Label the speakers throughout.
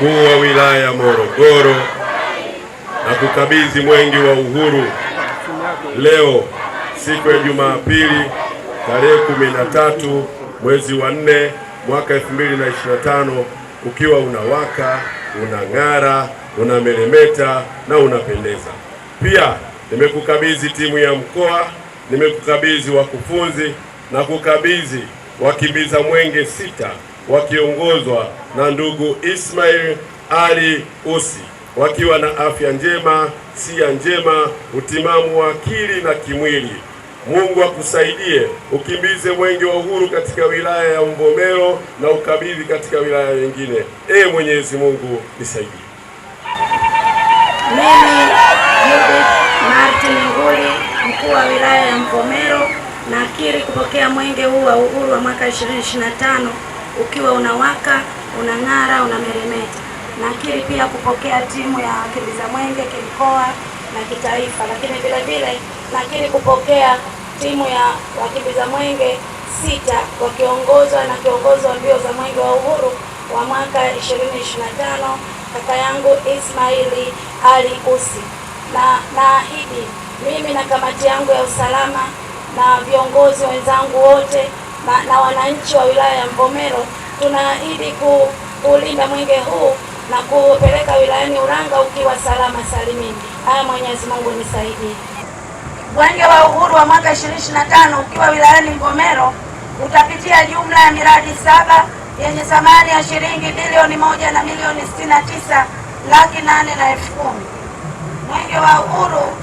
Speaker 1: mkuu wa wilaya ya Morogoro na kukabidhi mwenge wa uhuru leo siku ya Jumapili tarehe 13 mwezi wa 4 mwaka 2025 ukiwa unawaka, unang'ara, unameremeta na unapendeza. Pia nimekukabidhi timu ya mkoa, nimekukabidhi wakufunzi na kukabidhi wakimbiza mwenge sita wakiongozwa na ndugu Ismail Ali Usi wakiwa na afya njema, sia njema, utimamu wa akili na kimwili. Mungu akusaidie ukimbize mwenge wa uhuru katika wilaya ya Mvomero na ukabidhi katika wilaya nyingine. Ee Mwenyezi Mungu nisaidie.
Speaker 2: Mimi Martin Nguli, mkuu wa wilaya ya Mvomero, nakiri kupokea mwenge huu wa uhuru wa mwaka 2025 ukiwa unawaka, unang'ara, unameremeta. Nakiri pia kupokea timu ya wakimbiza mwenge kimkoa na kitaifa, lakini vile vile nakiri kupokea timu ya wakimbiza mwenge sita wakiongozwa na kiongozi wa mbio za mwenge wa uhuru wa mwaka 2025 kaka yangu Ismaili Ali Usi, na naahidi mimi na kamati yangu ya usalama na viongozi wenzangu wote na, na wananchi wa wilaya ya Mvomero tunaahidi kuulinda mwenge huu na kuupeleka wilayani uranga ukiwa salama salimini. Aya, Mwenyezi Mungu nisaidie.
Speaker 3: Mwenge wa Uhuru wa mwaka 2025 ukiwa wilayani Mvomero utapitia jumla ya miradi saba yenye thamani ya shilingi bilioni moja na milioni 69 tisa laki nane na elfu kumi. Mwenge wa Uhuru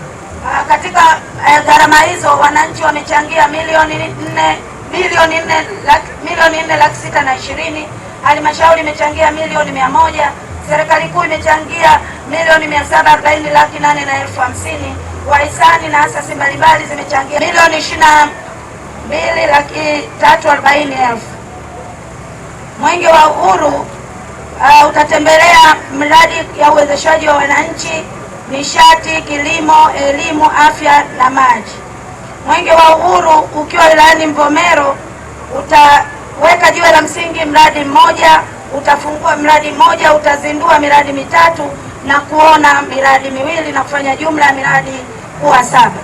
Speaker 3: ah, katika eh, gharama hizo wananchi wamechangia milioni nne bilioni nne laki, milioni nne laki sita na ishirini halmashauri imechangia milioni mia moja serikali kuu imechangia milioni mia saba arobaini laki nane na elfu hamsini wahisani na asasi mbalimbali zimechangia milioni ishirini na mbili laki tatu arobaini elfu mwenge wa uhuru uh, utatembelea mradi ya uwezeshaji wa wananchi nishati kilimo elimu afya na maji Mwenge wa Uhuru ukiwa wilayani Mvomero utaweka jiwe la msingi mradi mmoja, utafungua mradi mmoja, utazindua miradi mitatu na kuona miradi miwili na kufanya jumla ya miradi kuwa saba.